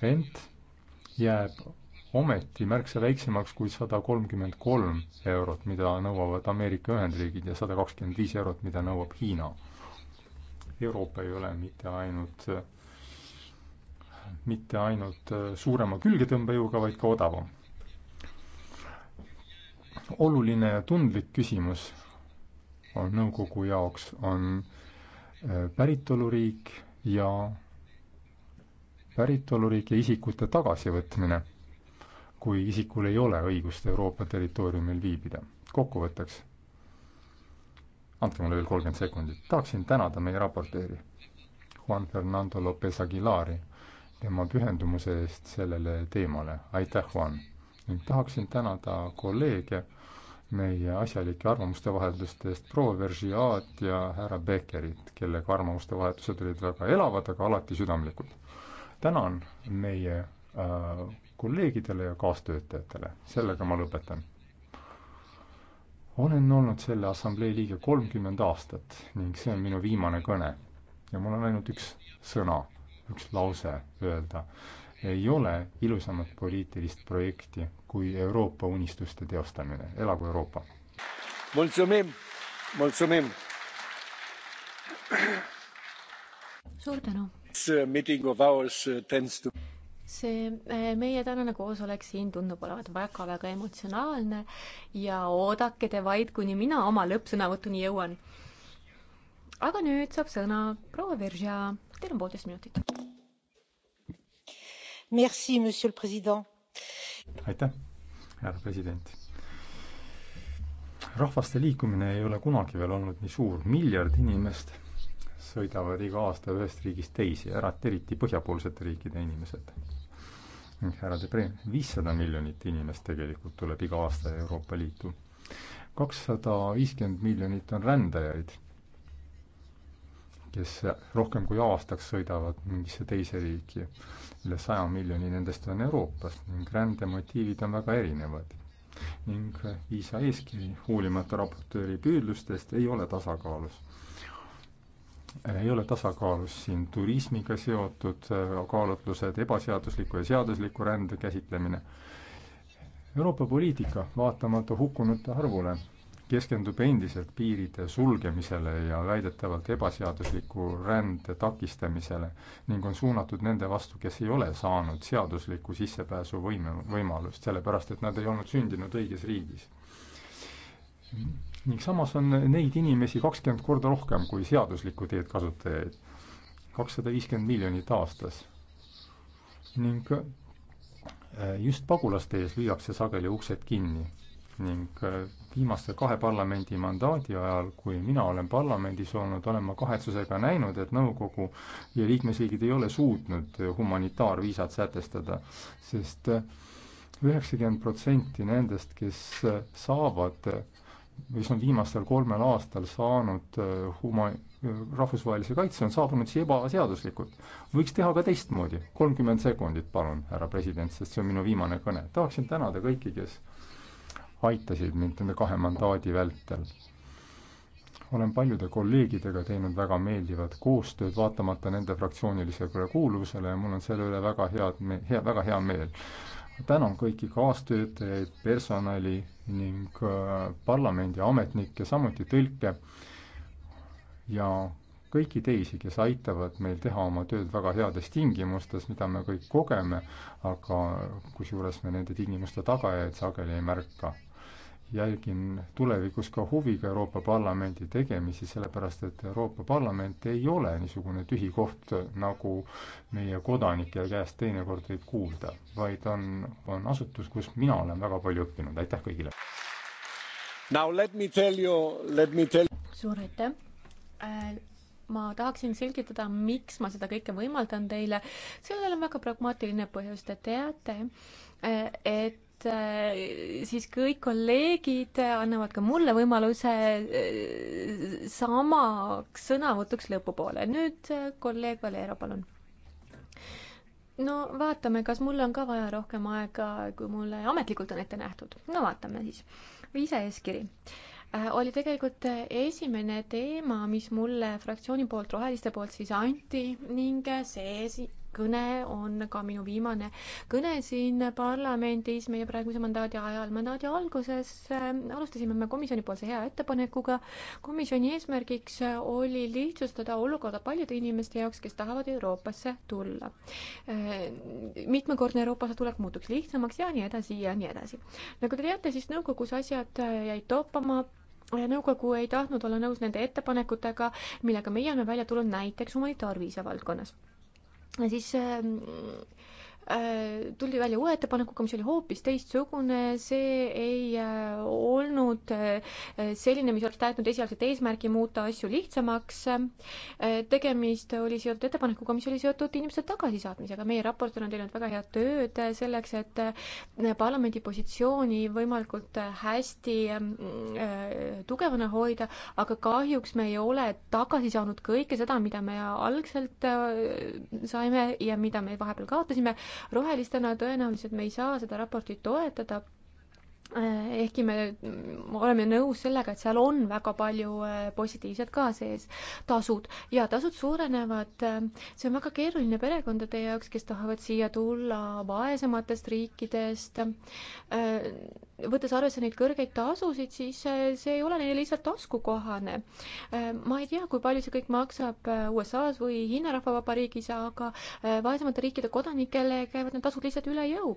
rent jääb ometi märksa väiksemaks kui sada kolmkümmend kolm eurot, mida nõuavad Ameerika Ühendriigid ja sada kakskümmend viis eurot, mida nõuab Hiina. Euroopa ei ole mitte ainult, mitte ainult suurema külgetõmbejõuga, vaid ka odavam. oluline ja tundlik küsimus on nõukogu jaoks, on päritoluriik ja päritoluriiki isikute tagasivõtmine, kui isikul ei ole õigust Euroopa territooriumil viibida. kokkuvõtteks, andke mulle veel kolmkümmend sekundit, tahaksin tänada meie raportööri Juan Fernando Lopez Aguilari tema pühendumuse eest sellele teemale, aitäh, Juan! ning tahaksin tänada kolleege meie asjalike arvamuste vahelduste eest proua Vergiat ja härra Beckerit, kellega arvamuste vahetused olid väga elavad, aga alati südamlikud tänan meie äh, kolleegidele ja kaastöötajatele. sellega ma lõpetan. olen olnud selle assamblee liige kolmkümmend aastat ning see on minu viimane kõne. ja mul on ainult üks sõna, üks lause öelda. ei ole ilusamat poliitilist projekti kui Euroopa unistuste teostamine. elagu Euroopa! suur tänu! Uh, to... see äh, meie tänane koosolek siin tundub olevat väga-väga emotsionaalne ja oodake te vaid, kuni mina oma lõppsõnavõtuni jõuan. aga nüüd saab sõna proua Veržia, teil on poolteist minutit. Merci, monsieur le president. aitäh, härra president rahvaste liikumine ei ole kunagi veel olnud nii suur, miljard inimest sõidavad iga aasta ühest riigist teise, eriti põhjapoolsete riikide inimesed. härra Debre, viissada miljonit inimest tegelikult tuleb iga aasta Euroopa Liitu. kakssada viiskümmend miljonit on rändajaid, kes rohkem kui aastaks sõidavad mingisse teise riiki. üle saja miljoni nendest on Euroopas ning rändemotiivid on väga erinevad ning viisa eeskiri, hoolimata raportööri püüdlustest, ei ole tasakaalus Äh, ei ole tasakaalus siin turismiga seotud äh, kaalutlused, ebaseadusliku ja seadusliku rände käsitlemine. Euroopa poliitika, vaatamata hukkunute arvule, keskendub endiselt piiride sulgemisele ja väidetavalt ebaseadusliku rände takistamisele ning on suunatud nende vastu, kes ei ole saanud seaduslikku sissepääsuvõime, võimalust, sellepärast et nad ei olnud sündinud õiges riigis ning samas on neid inimesi kakskümmend korda rohkem kui seaduslikku teed kasutajaid, kakssada viiskümmend miljonit aastas. ning äh, just pagulaste ees lüüakse sageli uksed kinni ning äh, viimase kahe parlamendi mandaadi ajal, kui mina olen parlamendis olnud, olen ma kahetsusega näinud, et nõukogu ja liikmesriigid ei ole suutnud humanitaarviisat sätestada, sest äh, üheksakümmend protsenti nendest, kes saavad äh, mis on viimastel kolmel aastal saanud äh, huma-, äh, rahvusvahelise kaitse, on saabunud siia ebaseaduslikult. võiks teha ka teistmoodi. kolmkümmend sekundit, palun, härra president, sest see on minu viimane kõne. tahaksin tänada kõiki, kes aitasid mind nende kahe mandaadi vältel. olen paljude kolleegidega teinud väga meeldivat koostööd, vaatamata nende fraktsioonilisele kuuluvusele ja mul on selle üle väga head me-, hea, väga hea meel tänan kõiki kaastöötajaid, personali ning äh, parlamendi ametnikke, samuti tõlke ja kõiki teisi, kes aitavad meil teha oma tööd väga heades tingimustes, mida me kõik kogeme, aga kusjuures me nende tingimuste tagajaid sageli ei märka jälgin tulevikus ka huviga Euroopa Parlamendi tegemisi, sellepärast et Euroopa Parlament ei ole niisugune tühi koht, nagu meie kodanike käest teinekord võib kuulda, vaid on, on asutus, kus mina olen väga palju õppinud, aitäh kõigile! suur aitäh! Äh, ma tahaksin selgitada, miks ma seda kõike võimaldan teile. sellel on väga pragmaatiline põhjus, te teate, äh, et Äh, siis kõik kolleegid äh, annavad ka mulle võimaluse äh, samaks sõnavõtuks lõpupoole. nüüd kolleeg Valero, palun. no vaatame, kas mul on ka vaja rohkem aega, kui mulle ametlikult on ette nähtud. no vaatame siis. viisa eeskiri oli tegelikult esimene teema, mis mulle fraktsiooni poolt, roheliste poolt siis anti ning see kõne on ka minu viimane kõne siin parlamendis meie praeguse mandaadi ajal. mandaadi alguses äh, alustasime me komisjonipoolse hea ettepanekuga. komisjoni eesmärgiks äh, oli lihtsustada olukorda paljude inimeste jaoks, kes tahavad Euroopasse tulla. Äh, mitmekordne Euroopasse tulek muutuks lihtsamaks ja nii edasi ja nii edasi. nagu te teate, siis nõukogus asjad jäid toppama nõukogu ei tahtnud olla nõus nende ettepanekutega, millega meie oleme välja tulnud näiteks humanitaarviisa valdkonnas siis ähm, Äh, tuldi välja uue ettepanekuga, mis oli hoopis teistsugune, see ei äh, olnud äh, selline, mis oleks täitnud esialgset eesmärki muuta asju lihtsamaks. tegemist oli seotud ettepanekuga, mis oli seotud inimeste tagasisaatmisega. meie raportöör on teinud väga head tööd selleks, et parlamendi positsiooni võimalikult hästi tugevana hoida, aga kahjuks me ei ole tagasi saanud kõike seda, mida me algselt saime ja mida me vahepeal kaotasime rohelistena tõenäoliselt me ei saa seda raportit toetada, Äh, ehkki me mm, oleme nõus sellega, et seal on väga palju äh, positiivset ka sees, tasud ja tasud suurenevad. Äh, see on väga keeruline perekondade jaoks, kes tahavad siia tulla vaesematest riikidest. võttes arvesse neid kõrgeid tasusid, siis see ei ole neile lihtsalt taskukohane. ma ei tea, kui palju see kõik maksab USA-s või Hiina Rahvavabariigis, aga vaesemate riikide kodanikele käivad need tasud lihtsalt üle jõu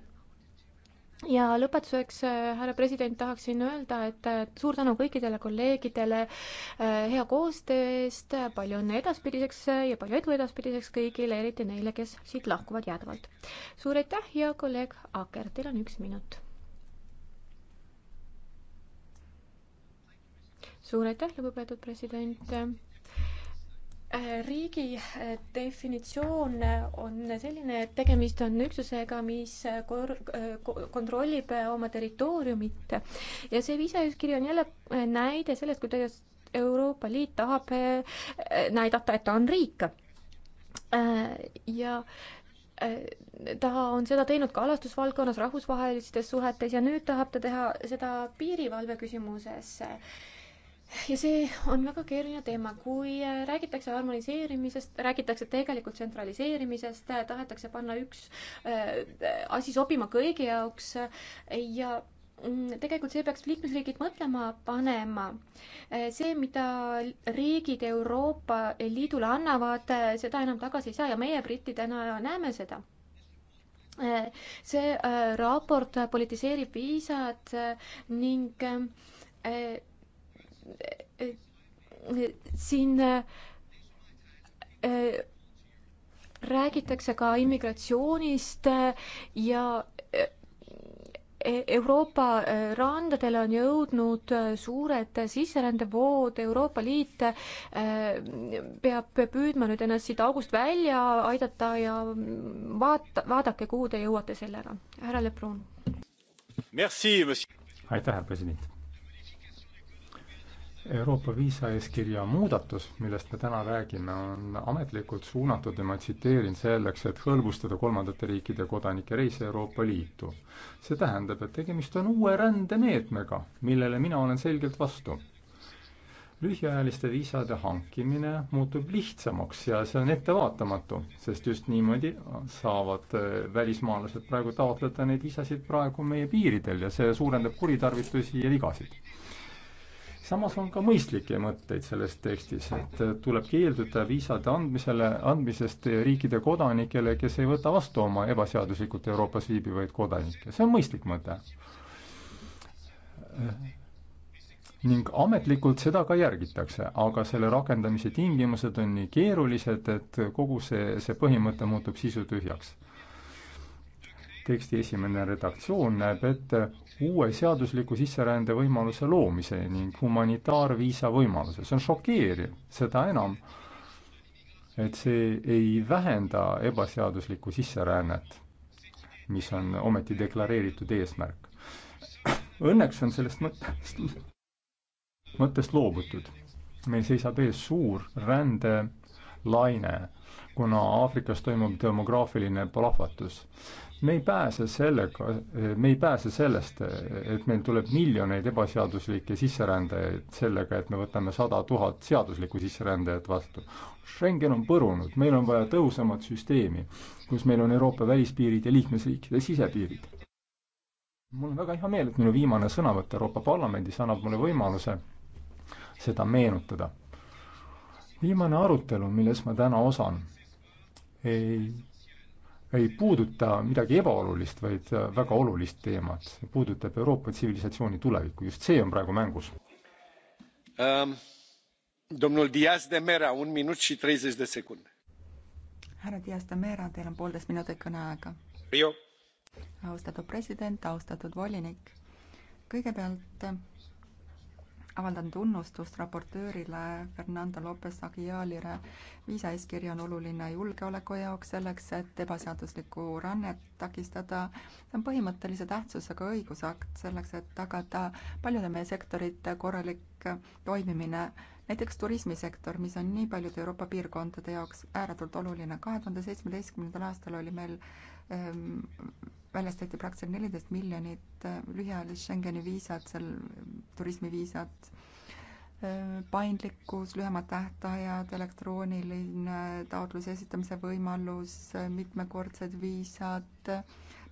ja lõpetuseks, äh, härra president, tahaksin öelda, et äh, suur tänu kõikidele kolleegidele äh, hea koostöö eest, palju õnne edaspidiseks ja palju edu edaspidiseks kõigile, eriti neile, kes siit lahkuvad jäädavalt. suur aitäh ja kolleeg Aker, teil on üks minut. suur aitäh, lugupeetud president riigi eh, definitsioon eh, on selline, et tegemist on üksusega, mis kor-, eh, kontrollib oma territooriumit ja see viisaeeskiri on jälle näide sellest, kuidas Euroopa Liit tahab näidata, et ta on riik. ja ta on seda teinud ka alastusvaldkonnas, rahvusvahelistes suhetes ja nüüd tahab ta teha seda piirivalve küsimuses ja see on väga keeruline teema, kui äh, räägitakse harmoniseerimisest, räägitakse tegelikult tsentraliseerimisest, äh, tahetakse panna üks äh, asi sobima kõigi jaoks äh, ja mm, tegelikult see peaks liikmesriigid mõtlema panema. see, mida riigid Euroopa Liidule annavad, seda enam tagasi ei saa ja meie brittidena näeme seda see raport politiseerib viisad ning siin äh, räägitakse ka immigratsioonist äh, ja äh, Euroopa randadele on jõudnud suured sisserändevood, Euroopa Liit peab püüdma nüüd ennast siit august välja aidata ja vaata, vaadake, kuhu te jõuate sellega. härra Lebrun. aitäh, härra president. Euroopa viisaeeskirja muudatus, millest me täna räägime, on ametlikult suunatud ja ma tsiteerin selleks, et hõlbustada kolmandate riikide kodanike reise Euroopa Liitu. see tähendab, et tegemist on uue rändemeetmega, millele mina olen selgelt vastu. lühiajaliste viisade hankimine muutub lihtsamaks ja see on ettevaatamatu, sest just niimoodi saavad äh, välismaalased praegu taotleda neid viisasid praegu meie piiridel ja see suurendab kuritarvitusi ja vigasid samas on ka mõistlikke mõtteid selles tekstis, et tuleb keelduda viisade andmisele, andmisest riikide kodanikele, kes ei võta vastu oma ebaseaduslikult Euroopas viibivaid kodanikke. see on mõistlik mõte. ning ametlikult seda ka järgitakse, aga selle rakendamise tingimused on nii keerulised, et kogu see, see põhimõte muutub sisutühjaks teksti esimene redaktsioon näeb ette uue seadusliku sisserände võimaluse loomise ning humanitaarviisa võimaluse. see on šokeeriv, seda enam, et see ei vähenda ebaseaduslikku sisserännet, mis on ometi deklareeritud eesmärk. Õnneks on sellest mõttest, mõttest loobutud. meil seisab ees suur rändelaine, kuna Aafrikas toimub demograafiline plahvatus me ei pääse sellega, me ei pääse sellest, et meil tuleb miljoneid ebaseaduslikke sisserändajaid sellega, et me võtame sada tuhat seaduslikku sisserändajat vastu. Schengen on põrunud, meil on vaja tõhusamat süsteemi, kus meil on Euroopa välispiirid ja liikmesriikide sisepiirid. mul on väga hea meel, et minu viimane sõnavõtt Euroopa Parlamendis annab mulle võimaluse seda meenutada. viimane arutelu, milles ma täna osan, ei ei puuduta midagi ebaolulist, vaid väga olulist teemat. puudutab Euroopa tsivilisatsiooni tulevikku, just see on praegu mängus um,. Domnul Diaz de Mera, un minut și treizeci de secunde. härra Diaz de Mera, teil on poolteist minutit kõneaega. austatud president, austatud volinik, kõigepealt avaldan tunnustust raportöörile Fernando Lopez Aguialile. viisaeeskiri on oluline julgeoleku jaoks, selleks et ebaseaduslikku rännet takistada. see on põhimõttelise tähtsusega õigusakt selleks, et tagada paljude meie sektorite korralik toimimine, näiteks turismisektor, mis on nii paljude Euroopa piirkondade jaoks ääretult oluline. kahe tuhande seitsmeteistkümnendal aastal oli meil ähm, väljastati praktiliselt neliteist miljonit äh, lühiajalist Schengeni viisat, seal äh, turismiviisad, äh, paindlikkus, lühemad tähtajad, elektrooniline taotluse esitamise võimalus, mitmekordsed viisad,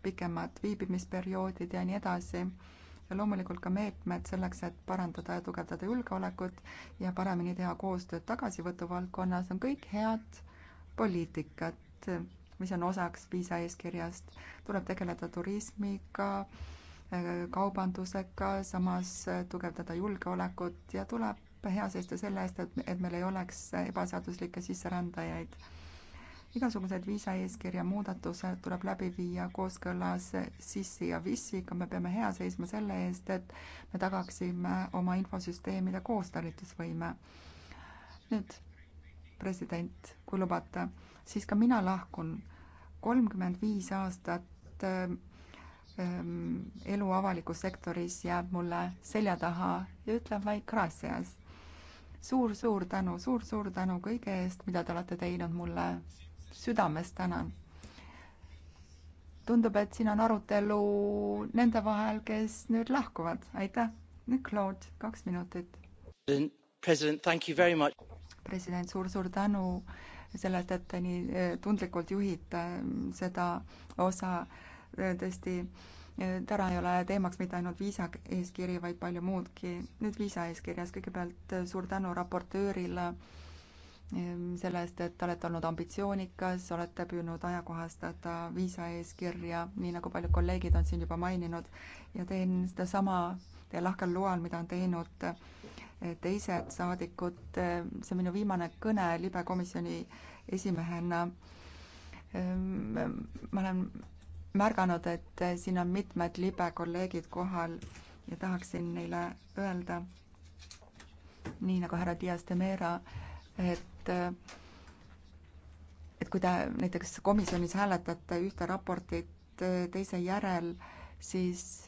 pikemad viibimisperioodid ja nii edasi. ja loomulikult ka meetmed selleks, et parandada ja tugevdada julgeolekut ja paremini teha koostööd tagasivõtu valdkonnas, on kõik head poliitikat mis on osaks viisa eeskirjast. tuleb tegeleda turismiga, kaubandusega, samas tugevdada julgeolekut ja tuleb hea seista selle eest, et, et meil ei oleks ebaseaduslikke sisserändajaid. igasugused viisa eeskirja muudatused tuleb läbi viia kooskõlas sissi ja vissiga, me peame hea seisma selle eest, et me tagaksime oma infosüsteemide koostalitusvõime. nüüd president, kui lubate siis ka mina lahkun. kolmkümmend viis aastat ähm, ähm, elu avalikus sektoris jääb mulle selja taha ja ütlen vaid gracias suur,. suur-suur tänu suur,, suur-suur tänu kõige eest, mida te olete teinud mulle. südamest tänan tundub, et siin on arutelu nende vahel, kes nüüd lahkuvad. aitäh. nüüd Claude, kaks minutit. president, president, suur-suur tänu sellest, et te nii eh, tundlikult juhite eh, seda osa eh, tõesti täna ei ole teemaks mitte ainult viisa eeskiri, vaid palju muudki. nüüd viisa eeskirjas kõigepealt suur tänu raportöörile selle eest, et olete olnud ambitsioonikas, olete püüdnud ajakohastada viisa eeskirja, nii nagu paljud kolleegid on siin juba maininud ja teen sedasama teie lahkel loal, mida on teinud teised saadikud, see on minu viimane kõne libekomisjoni esimehena. ma olen märganud, et siin on mitmed libekolleegid kohal ja tahaksin neile öelda, nii nagu härra Dias de Mera, et et kui te näiteks komisjonis hääletate ühte raportit teise järel, siis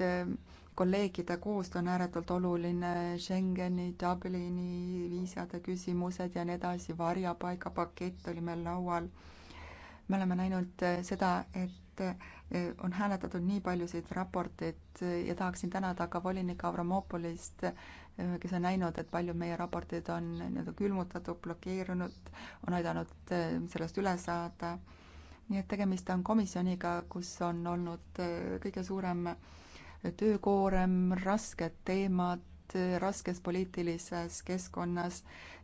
kolleegide koostöö on ääretult oluline, Schengeni, Dublini viisade küsimused ja nii edasi, varjupaigapakett oli meil laual. me oleme näinud eh, seda, et eh, on hääletatud nii paljusid raporteid ja tahaksin tänada ka volinik Avramopolist, eh, kes on näinud, et paljud meie raportid on nii-öelda külmutatud, blokeerunud, on aidanud sellest üle saada. nii et tegemist on komisjoniga, kus on olnud kõige suurem äh, töökoorem, rasked teemad, raskes poliitilises keskkonnas.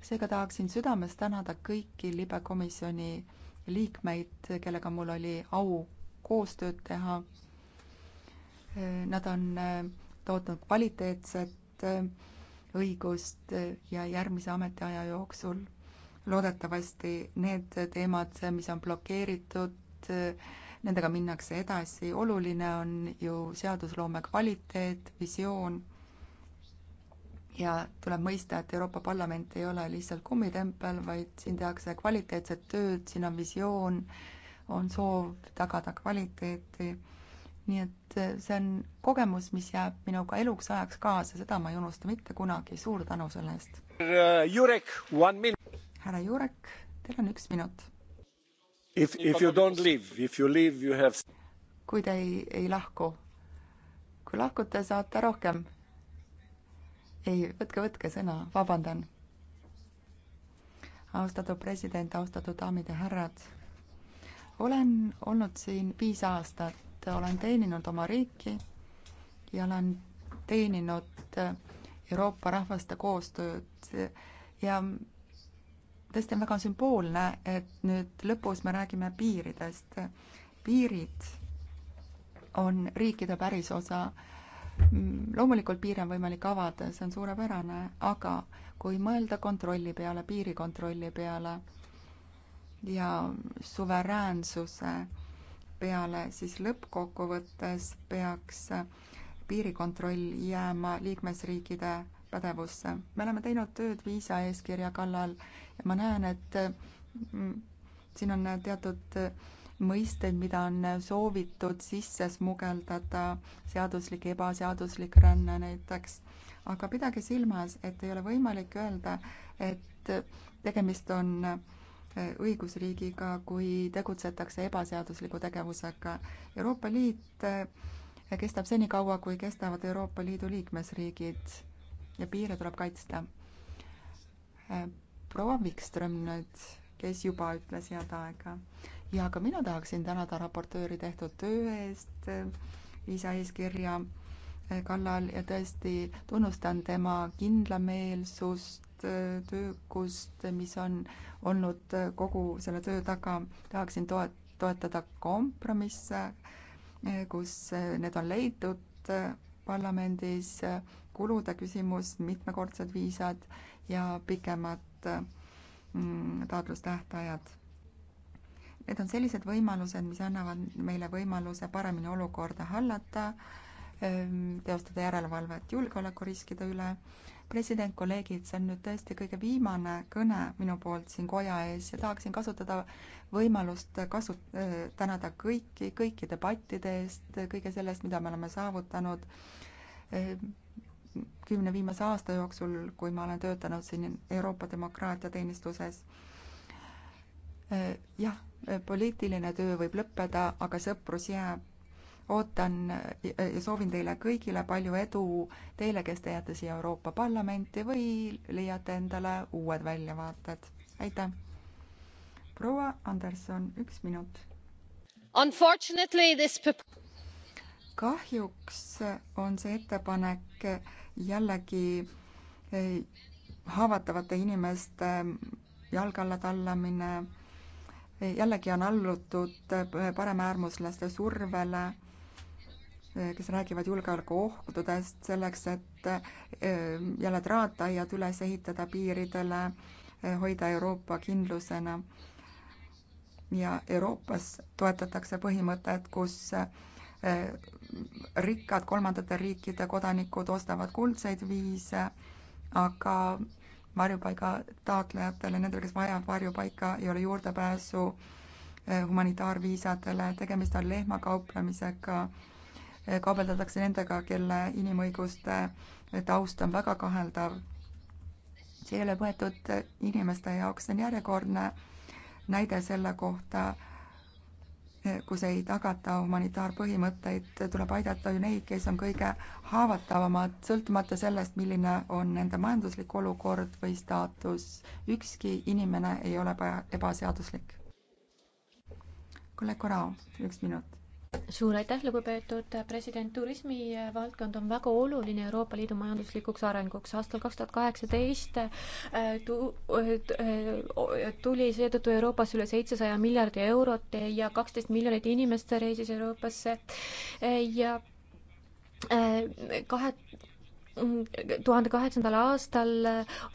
seega tahaksin südamest tänada kõiki libekomisjoni liikmeid, kellega mul oli au koostööd teha. Nad on äh, tootnud kvaliteetset äh, õigust äh, ja järgmise ametiaja jooksul loodetavasti need teemad, mis on blokeeritud, nendega minnakse edasi, oluline on ju seadusloome kvaliteet, visioon ja tuleb mõista, et Euroopa Parlament ei ole lihtsalt kummitempel, vaid siin tehakse kvaliteetset tööd, siin on visioon, on soov tagada kvaliteeti, nii et see on kogemus, mis jääb minuga eluks ajaks kaasa, seda ma ei unusta mitte kunagi, suur tänu selle eest. Äh, härra Jurek, teil on üks minut If, if you don't leave, if you leave, you have. kui te ei, ei lahku, kui lahkute, saate rohkem. ei, võtke, võtke sõna, vabandan. austatud president, austatud daamid ja härrad. olen olnud siin viis aastat, olen teeninud oma riiki ja olen teeninud Euroopa rahvaste koostööd ja tõesti on väga sümboolne, et nüüd lõpus me räägime piiridest. piirid on riikide pärisosa. loomulikult piire on võimalik avada, see on suurepärane, aga kui mõelda kontrolli peale, piirikontrolli peale ja suveräänsuse peale, siis lõppkokkuvõttes peaks piirikontroll jääma liikmesriikide pädevusse. me oleme teinud tööd viisaeeskirja kallal ma näen, et mm, siin on teatud mõisteid, mida on soovitud sisse smugeldada, seaduslik, ebaseaduslik ränne näiteks. aga pidage silmas, et ei ole võimalik öelda, et tegemist on eh, õigusriigiga, kui tegutsetakse ebaseadusliku tegevusega. Euroopa Liit eh, kestab senikaua, kui kestavad Euroopa Liidu liikmesriigid ja piire tuleb kaitsta eh, proua Wikström nüüd, kes juba ütles head aega. ja ka mina tahaksin tänada raportööri tehtud töö eest lisaeeskirja äh, äh, kallal ja tõesti tunnustan tema kindlameelsust, äh, töökust, mis on olnud kogu selle töö taga. tahaksin toet-, toetada kompromisse, kus need on leitud parlamendis, kulude küsimus, mitmekordsed viisad ja pikemad mm, taotlustähtajad. Need on sellised võimalused, mis annavad meile võimaluse paremini olukorda hallata, ehm, teostada järelevalvet julgeolekuriskide üle. president, kolleegid, see on nüüd tõesti kõige viimane kõne minu poolt siin koja ees ja tahaksin kasutada võimalust kasu-, ehm, tänada kõiki, kõiki debattide eest, kõige sellest, mida me oleme saavutanud ehm, kümne viimase aasta jooksul, kui ma olen töötanud siin Euroopa demokraatia teenistuses. jah, poliitiline töö võib lõppeda, aga sõprus jääb. ootan ja soovin teile kõigile palju edu, teile, kes te jääte siia Euroopa Parlamenti või leiate endale uued väljavaated. aitäh! proua Anderson, üks minut. Unfortunately this kahjuks on see ettepanek jällegi eh, haavatavate inimeste eh, jalge alla tallamine, eh, jällegi on allutud paremäärmuslaste survele, kes räägivad julgeolekuohtudest, selleks et jälle traataiad üles ehitada piiridele, hoida Euroopa kindlusena. ja Euroopas toetatakse põhimõtet, kus rikkad kolmandate riikide kodanikud ostavad kuldseid viise, aga varjupaiga taotlejatele, nendele, kes vajavad varjupaika, ei ole juurdepääsu eh, humanitaarviisadele, tegemist on lehmakauplemisega, eh, kaubeldatakse nendega, kelle inimõiguste eh, taust on väga kaheldav. see ei ole võetud inimeste jaoks, see on järjekordne näide selle kohta, kus ei tagata humanitaarpõhimõtteid, tuleb aidata ju neid, kes on kõige haavatavamad, sõltumata sellest, milline on nende majanduslik olukord või staatus. ükski inimene ei ole ebaseaduslik. kolleeg Korao, üks minut suur aitäh, lugupeetud president, turismivaldkond on väga oluline Euroopa Liidu majanduslikuks arenguks. aastal kaks tuhat kaheksateist äh, äh, äh, tuli seetõttu Euroopasse üle seitsesaja miljardi eurot ja kaksteist miljonit inimest reisis Euroopasse ja kahe tuhande kaheksandal aastal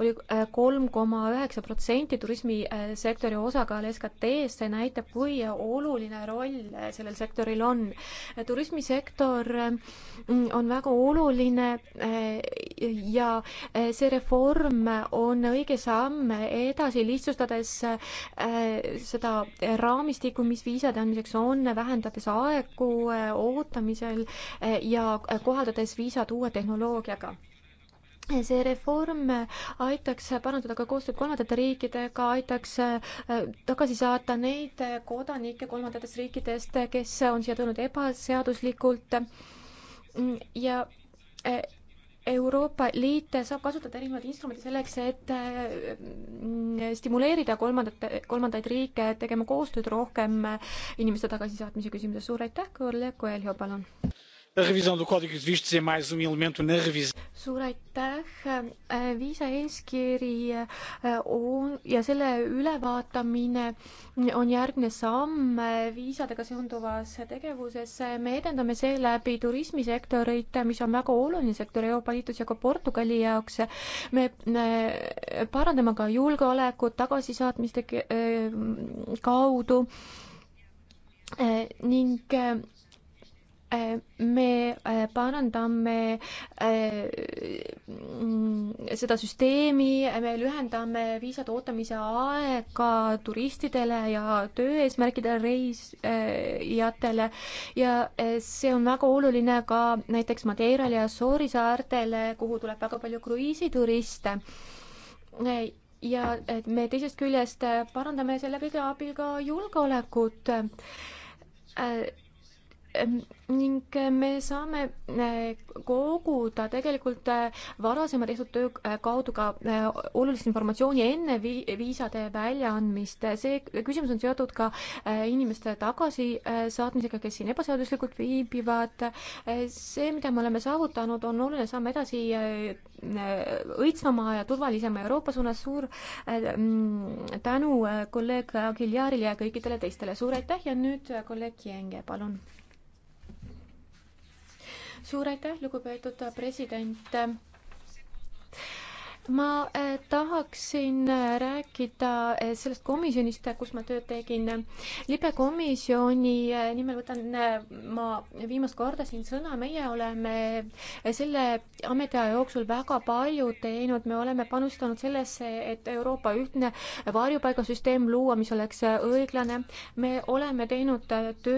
oli äh, kolm koma üheksa protsenti turismisektori äh, osakaal SKT-s, see näitab, kui oluline roll äh, sellel sektoril on. turismisektor on väga oluline ja see reform on õige samm edasi, lihtsustades seda raamistikku, mis viisade andmiseks on, vähendades aegu ootamisel ja kohaldades viisad uue tehnoloogiaga see reform aitaks parandada ka koostööd kolmandate riikidega, aitaks äh, tagasi saata neid kodanikke kolmandatest riikidest, kes on siia tulnud ebaseaduslikult ja äh, Euroopa Liit saab kasutada erinevaid instrumente selleks, et äh, stimuleerida kolmandate, kolmandaid riike tegema koostööd rohkem inimeste tagasisaatmise küsimuses. suur aitäh, kolleeg Koelho, palun! suur aitäh, viisaeeskiri on ja selle ülevaatamine on järgmine samm äh, viisadega seonduvas tegevuses. me edendame seeläbi turismisektorit, mis on väga oluline sektor Euroopa Liidus ja ka Portugali jaoks. me äh, parandame ka julgeolekut tagasisaatmiste äh, kaudu ning Äh, me äh, parandame äh, seda süsteemi, me lühendame viisade ootamise aega turistidele ja tööeesmärkidele reisijatele ja see on väga oluline ka näiteks Madeiral ja Soori saartele, kuhu tuleb väga palju kruiisituriste ja et me teisest küljest parandame selle kõige abil ka julgeolekut ning äh, me saame äh, koguda tegelikult äh, varasema tehtud töö kaudu ka olulist informatsiooni enne viisade väljaandmist. see küsimus on seotud ka inimeste tagasisaatmisega, kes siin ebaseaduslikult viibivad. see, mida me oleme saavutanud, on oluline samm edasi õitsvama ja turvalisema Euroopa suunas. suur tänu kolleeg Aguilarile ja kõikidele teistele. suur aitäh ja nüüd kolleeg Kienge, palun suur aitäh, lugupeetud president ma eh, tahaksin eh, rääkida eh, sellest komisjonist, kus ma tööd tegin. libekomisjoni nimel võtan ma viimast korda siin sõna, meie oleme selle ametiaja jooksul väga palju teinud, me oleme panustanud sellesse, et Euroopa ühtne varjupaigasüsteem luua, mis oleks õiglane. me oleme teinud tööd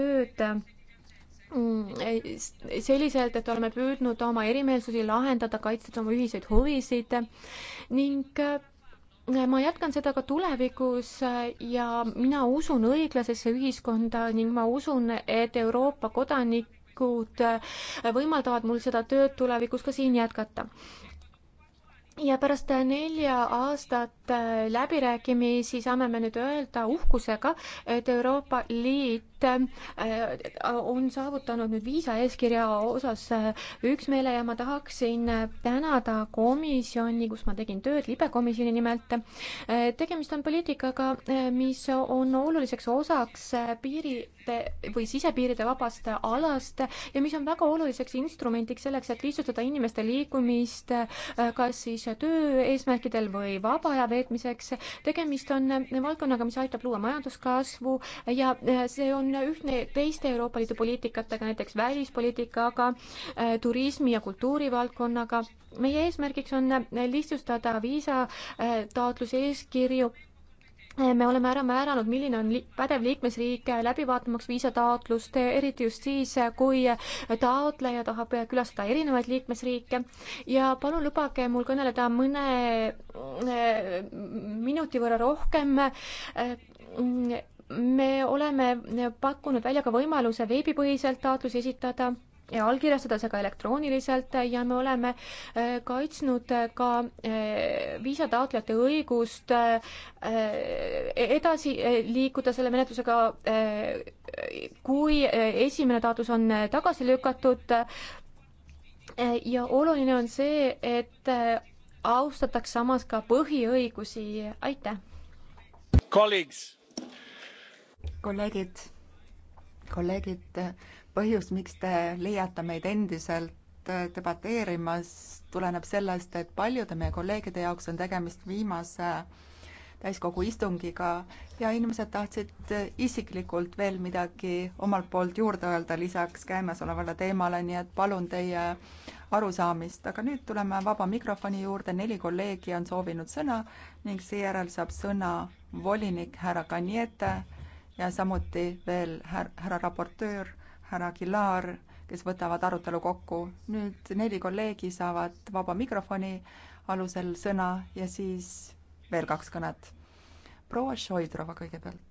Mm, selliselt, et oleme püüdnud oma erimeelsusi lahendada, kaitstes oma ühiseid huvisid ning äh, ma jätkan seda ka tulevikus äh, ja mina usun õiglasesse ühiskonda ning ma usun, et Euroopa kodanikud äh, võimaldavad mul seda tööd tulevikus ka siin jätkata ja pärast nelja aastat läbirääkimisi saame me nüüd öelda uhkusega, et Euroopa Liit Liit äh, on saavutanud nüüd viisaeeskirja osas äh, üksmeele ja ma tahaksin äh, tänada komisjoni, kus ma tegin tööd, libekomisjoni nimelt. tegemist on poliitikaga, mis on oluliseks osaks piiride või sisepiiride vabast alast ja mis on väga oluliseks instrumendiks selleks, et lihtsustada inimeste liikumist kas siis töö eesmärkidel või vaba aja veetmiseks. tegemist on valdkonnaga, mis aitab luua majanduskasvu ja see on on ühtne teiste Euroopa Liidu poliitikatega, näiteks välispoliitikaga, äh, turismi ja kultuurivaldkonnaga. meie eesmärgiks on äh, lihtsustada viisataotluse äh, eeskirju me oleme ära määranud, milline on li pädev liikmesriik läbi vaatamaks viisataotlust, eriti just siis, kui taotleja tahab külastada erinevaid liikmesriike. ja palun lubage mul kõneleda mõne minuti võrra rohkem me oleme pakkunud välja ka võimaluse veebipõhiselt taotlusi esitada ja allkirjastada see ka elektrooniliselt ja me oleme äh, kaitsnud äh, ka äh, viisataotlejate õigust e-, edasi liikuda selle menetlusega, kui esimene taotlus on tagasi lükatud. ja oluline on see, et austataks samas ka põhiõigusi, aitäh. Colleagues kolleegid, kolleegid, põhjus, miks te leiate meid endiselt äh, debateerimas, tuleneb sellest, et paljude meie kolleegide jaoks on tegemist viimase täiskogu istungiga ja inimesed tahtsid äh, isiklikult veel midagi omalt poolt juurde öelda lisaks käimasolevale teemale, nii et palun teie arusaamist, aga nüüd tuleme vaba mikrofoni juurde, neli kolleegi on soovinud sõna ning seejärel saab sõna volinik härra Kaniete ja samuti veel härra raportöör, härra Aguilar, kes võtavad arutelu kokku. nüüd neli kolleegi saavad vaba mikrofoni alusel sõna ja siis veel kaks kõnet. proua Šoidrova kõigepealt.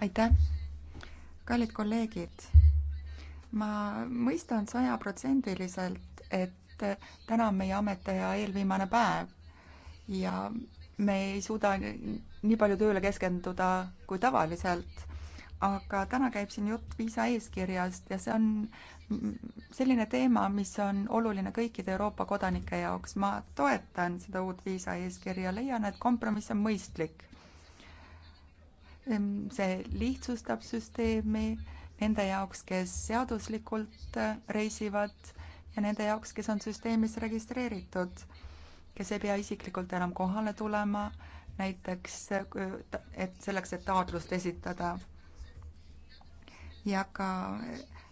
aitäh, kallid kolleegid. ma mõistan sajaprotsendiliselt, et täna on meie ametiaja eelviimane päev ja me ei suuda nii palju tööle keskenduda kui tavaliselt. aga täna käib siin jutt viisa eeskirjast ja see on selline teema, mis on oluline kõikide Euroopa kodanike jaoks. ma toetan seda uut viisa eeskirja, leian, et kompromiss on mõistlik. see lihtsustab süsteemi nende jaoks, kes seaduslikult reisivad ja nende jaoks, kes on süsteemis registreeritud kes ei pea isiklikult enam kohale tulema, näiteks et selleks, et taotlust esitada. ja ka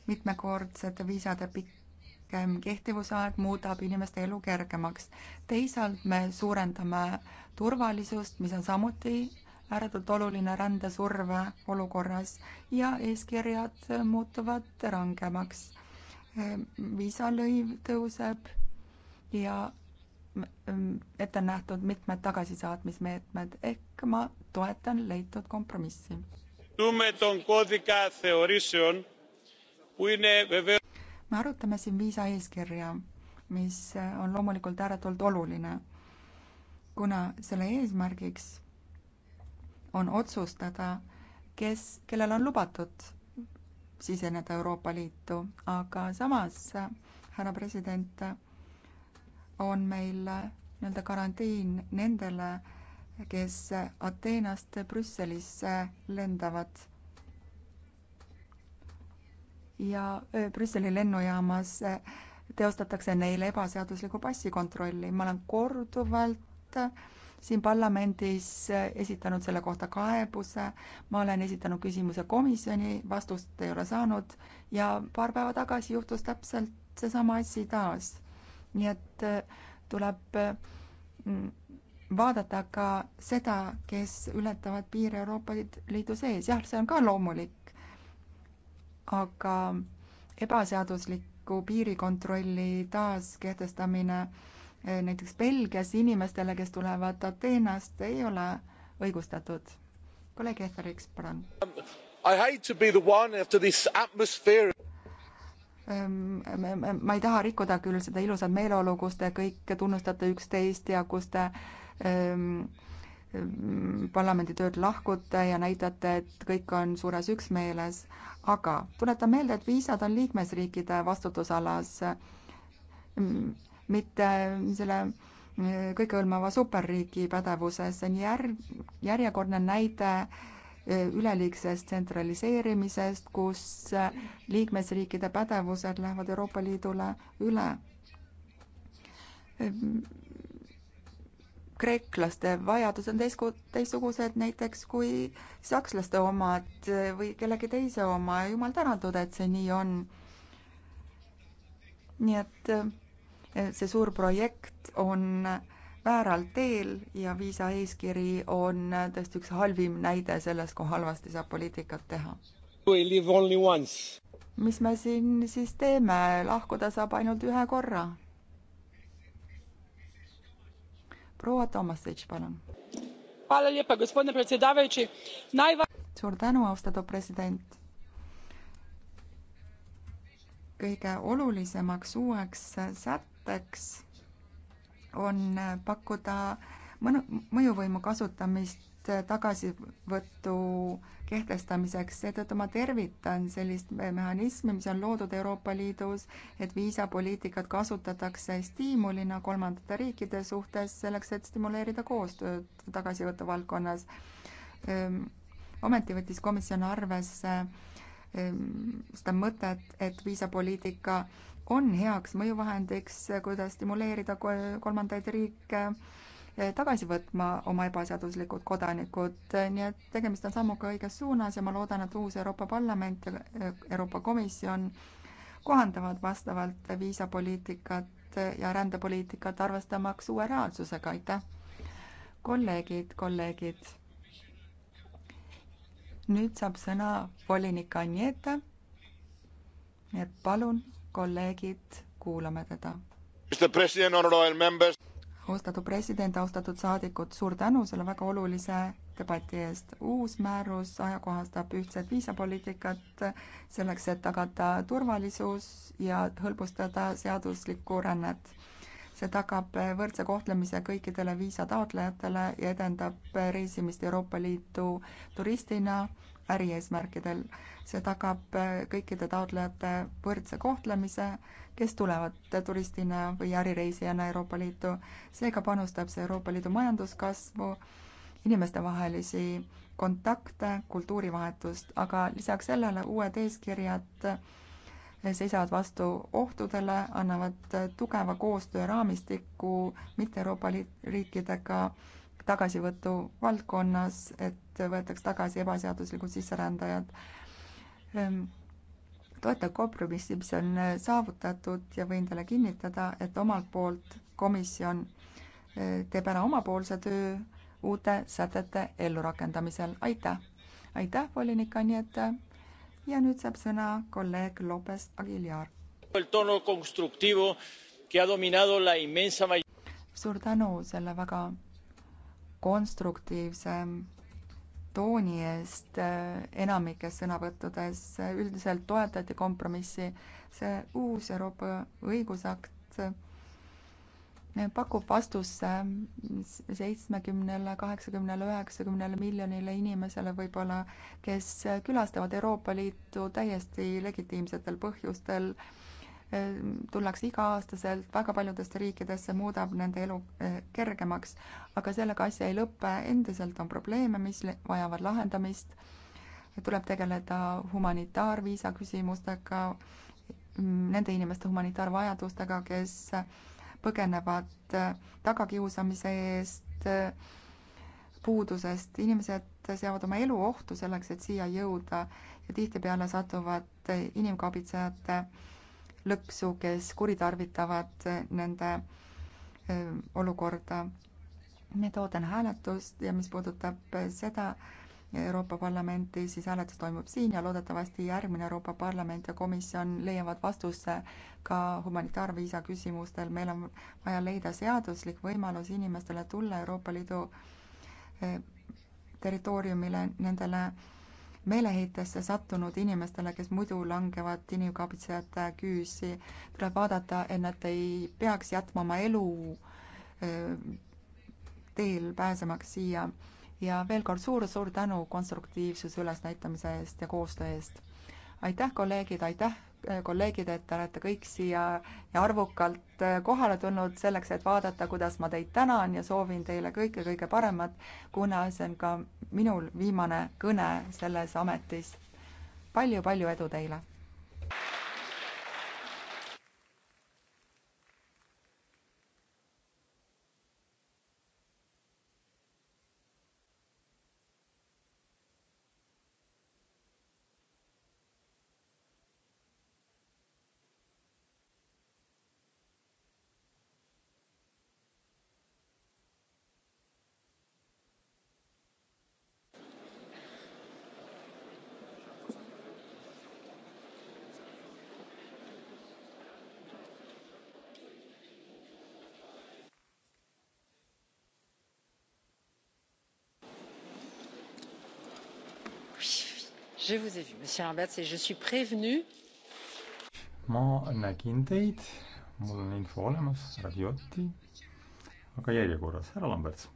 mitmekordsete viisade pikem kehtivusaeg muudab inimeste elu kergemaks. teisalt me suurendame turvalisust, mis on samuti ääretult oluline rändesurve olukorras ja eeskirjad muutuvad rangemaks. viisalõiv tõuseb ja ette on nähtud mitmed tagasisaatmismeetmed ehk ma toetan leitud kompromissi. me arutame siin viisaeeskirja, mis on loomulikult ääretult oluline, kuna selle eesmärgiks on otsustada, kes, kellel on lubatud siseneda Euroopa Liitu, aga samas härra president on meil nii-öelda karantiin nendele, kes Ateenast Brüsselisse lendavad. ja Brüsseli lennujaamas äh, teostatakse neile ebaseaduslikku passikontrolli. ma olen korduvalt äh, siin parlamendis äh, esitanud selle kohta kaebuse, ma olen esitanud küsimuse komisjoni, vastust ei ole saanud ja paar päeva tagasi juhtus täpselt seesama asi taas nii et äh, tuleb äh, vaadata ka seda, kes ületavad piire Euroopa Liidu sees, jah, see on ka loomulik, aga ebaseadusliku piirikontrolli taaskehtestamine äh, näiteks Belgias inimestele, kes tulevad Ateenast, ei ole õigustatud. kolleeg Etheriks, palun. Um, I hate to be the one after this atmosphere Ehm, ma ei taha rikkuda küll seda ilusat meeleolu, kus te kõik tunnustate üksteist ja kus te ähm, parlamendi tööd lahkute ja näitate, et kõik on suures üksmeeles, aga tuletan meelde, et viisad on liikmesriikide vastutusalas, ehm, mitte selle ehm, kõikehõlmava superriigi pädevuses, see on järg, järjekordne näide äh, üleliigsest tsentraliseerimisest, kus liikmesriikide pädevused lähevad Euroopa Liidule üle. kreeklaste vajadused on teisku-, teistsugused näiteks kui sakslaste omad või kellegi teise oma, jumal tänatud, et see nii on. nii et eh, see suur projekt on äh, vääral teel ja viisaeeskiri on tõesti üks halvim näide sellest, kui halvasti saab poliitikat teha. mis me siin siis teeme, lahkuda saab ainult ühe korra. proua Tomasic, palun. suur tänu, austatud president kõige olulisemaks uueks sätteks on äh, pakkuda mõnu, mõjuvõimu kasutamist äh, tagasivõtu kehtestamiseks, seetõttu ma tervitan sellist mehhanismi, mis on loodud Euroopa Liidus, et viisapoliitikat kasutatakse stiimulina kolmandate riikide suhtes, selleks et stimuleerida koostööd tagasivõtu valdkonnas. Ehm, ometi võttis komisjon arvesse ehm, seda mõtet, et viisapoliitika on heaks mõjuvahendiks, kuidas stimuleerida kolmandaid riike eh, tagasi võtma oma ebaseaduslikud kodanikud, nii et tegemist on sammuga õiges suunas ja ma loodan, et uus Euroopa Parlament ja eh, Euroopa Komisjon kohandavad vastavalt viisapoliitikat ja rändepoliitikat, arvestamaks uue reaalsusega, aitäh! kolleegid, kolleegid, nüüd saab sõna volinik Anijeta, nii et palun kolleegid, kuulame teda. austatud president, austatud saadikud, suur tänu selle väga olulise debati eest. uus määrus ajakohastab ühtset viisapoliitikat selleks, et tagada turvalisus ja hõlbustada seaduslikku rännet see tagab võrdse kohtlemise kõikidele viisataotlejatele ja edendab reisimist Euroopa Liitu turistina ärieesmärkidel. see tagab kõikide taotlejate võrdse kohtlemise, kes tulevad turistina või ärireisijana Euroopa Liitu. seega panustab see Euroopa Liidu majanduskasvu, inimestevahelisi kontakte, kultuurivahetust, aga lisaks sellele uued eeskirjad seisavad vastu ohtudele, annavad tugeva koostööraamistiku mitte Euroopa riikidega tagasivõtu valdkonnas, et võetaks tagasi ebaseaduslikud sisserändajad. Ehm, toetab kompromissi, mis on saavutatud ja võin teile kinnitada, et omalt poolt komisjon eh, teeb ära omapoolse töö uute sätete ellurakendamisel. aitäh! aitäh, volinik Anijete! ja nüüd saab sõna kolleeg Lopez Aguilar. suur tänu selle väga konstruktiivse tooni eest eh, enamikes sõnavõttudes. üldiselt toetati kompromissi. see uus Euroopa õigusakt pakub vastuse ähm, seitsmekümnele, kaheksakümnele, üheksakümnele miljonile inimesele võib-olla, kes külastavad Euroopa Liitu täiesti legitiimsetel põhjustel, ähm, tullakse iga-aastaselt väga paljudesse riikidesse, muudab nende elu äh, kergemaks, aga sellega asi ei lõpe, endiselt on probleeme, mis vajavad lahendamist, tuleb tegeleda humanitaarviisa küsimustega, mm, nende inimeste humanitaarvajadustega, kes põgenevad äh, tagakiusamise eest, äh, puudusest, inimesed seavad oma elu ohtu selleks, et siia jõuda ja tihtipeale satuvad äh, inimkaubitsejate lõksu, kes kuritarvitavad nende olukorda. nii et ootan hääletust ja mis puudutab seda, Euroopa Parlamenti, siis hääletus toimub siin ja loodetavasti järgmine Euroopa Parlament ja komisjon leiavad vastuse ka humanitaarviisa küsimustel. meil on vaja leida seaduslik võimalus inimestele tulla Euroopa Liidu eh, territooriumile nendele meeleheitesse sattunud inimestele, kes muidu langevad inimkaubitsejate küüsi, tuleb vaadata, et nad ei peaks jätma oma elu eh, teel pääsemaks siia ja veel kord suur-suur tänu konstruktiivsuse ülesnäitamise eest ja koostöö eest. aitäh, kolleegid, aitäh, eh, kolleegid, et te olete kõik siia ja arvukalt eh, kohale tulnud selleks, et vaadata, kuidas ma teid tänan ja soovin teile kõike kõige paremat, kuna see on ka minul viimane kõne selles ametis palju,. palju-palju edu teile! ma nägin teid, mul on info olemas, härra Viotti, aga järjekorras, härra Lamberts.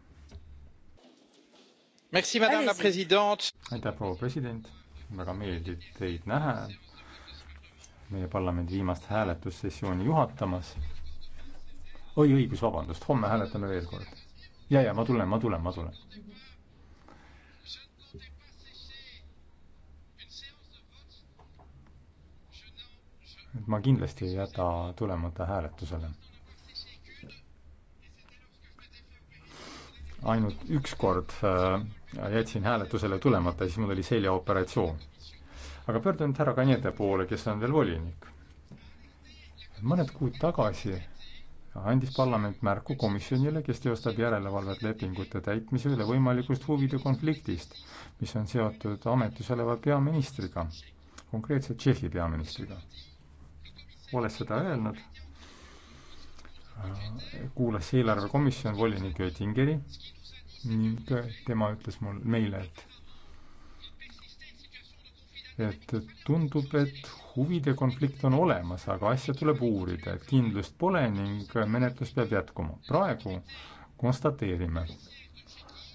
aitäh, proua president, väga meeldib teid näha meie parlamendi viimast hääletussessiooni juhatamas. oi, õigus, vabandust, homme hääletame veel kord. ja, ja ma tulen, ma tulen, ma tulen et ma kindlasti ei jäta tulemata hääletusele. ainult üks kord äh, jätsin hääletusele tulemata, siis mul oli seljaoperatsioon. aga pöördun nüüd härra Kanjete poole, kes on veel volinik. mõned kuud tagasi andis parlament märku komisjonile, kes teostab järelevalvet lepingute täitmise üle võimalikust huvide konfliktist, mis on seotud ametis oleva peaministriga, konkreetselt Tšehhi peaministriga olles seda öelnud, kuulas eelarvekomisjon volinik Oettingeri ning tema ütles mul, meile, et et tundub, et huvide konflikt on olemas, aga asja tuleb uurida, et kindlust pole ning menetlus peab jätkuma. praegu konstateerime,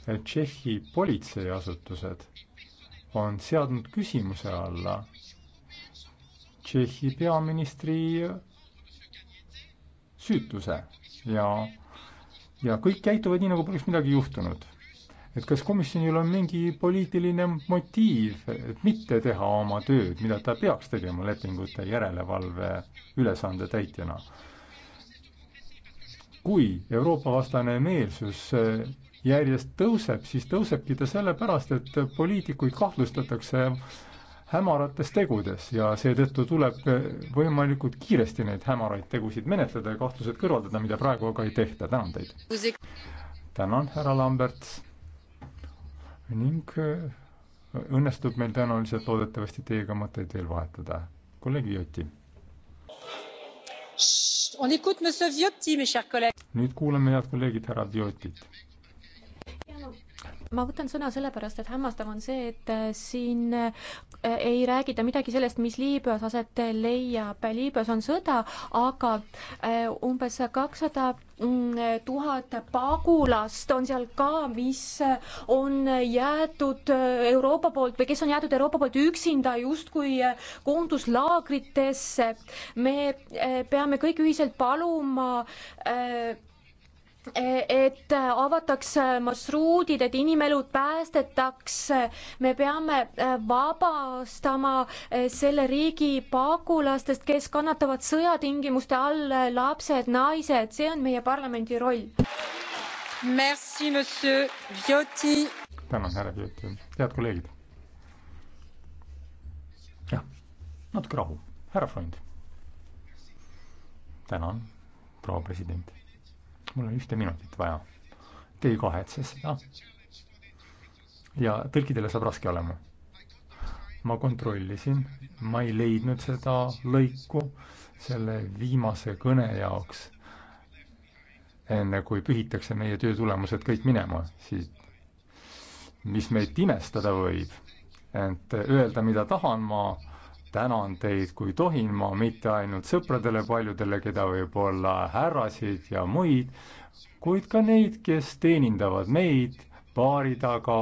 et Tšehhi politseiasutused on seadnud küsimuse alla Tšehhi peaministri süütuse ja, ja kõik käituvad nii, nagu poleks midagi juhtunud. et kas komisjonil on mingi poliitiline motiiv, et mitte teha oma tööd, mida ta peaks tegema lepingute järelevalve ülesande täitjana? kui Euroopa-vastane meelsus järjest tõuseb, siis tõusebki ta sellepärast, et poliitikuid kahtlustatakse hämarates tegudes ja seetõttu tuleb võimalikult kiiresti neid hämaraid tegusid menetleda ja kahtlused kõrvaldada, mida praegu aga ei tehta. tänan teid. tänan, härra Lambert. ning äh, õnnestub meil tõenäoliselt loodetavasti teiega mõtteid veel vahetada. kolleeg Jõti. nüüd kuulame, head kolleegid, härra Viotit ma võtan sõna sellepärast, et hämmastav on see, et äh, siin äh, ei räägita midagi sellest, mis Liibüas aset leiab. Liibüas on sõda, aga äh, umbes kakssada mm, tuhat pagulast on seal ka, mis on jäetud Euroopa poolt või kes on jäetud Euroopa poolt üksinda justkui koonduslaagritesse. me peame kõik ühiselt paluma äh, et avatakse marsruudid, et inimelud päästetakse, me peame vabastama selle riigi pagulastest, kes kannatavad sõjatingimuste all, lapsed, naised, see on meie parlamendi roll. tänan, härra Vjoti. head kolleegid. jah, natuke rahu. härra Freund. tänan, proua president mul on ühte minutit vaja. Te ei kahetse seda? ja tõlkidele saab raske olema. ma kontrollisin, ma ei leidnud seda lõiku selle viimase kõne jaoks, enne kui pühitakse meie töö tulemused kõik minema, siis mis meid imestada võib, et öelda, mida tahan ma tänan teid, kui tohin ma mitte ainult sõpradele paljudele, keda võib-olla härrasid ja muid, kuid ka neid, kes teenindavad meid baari taga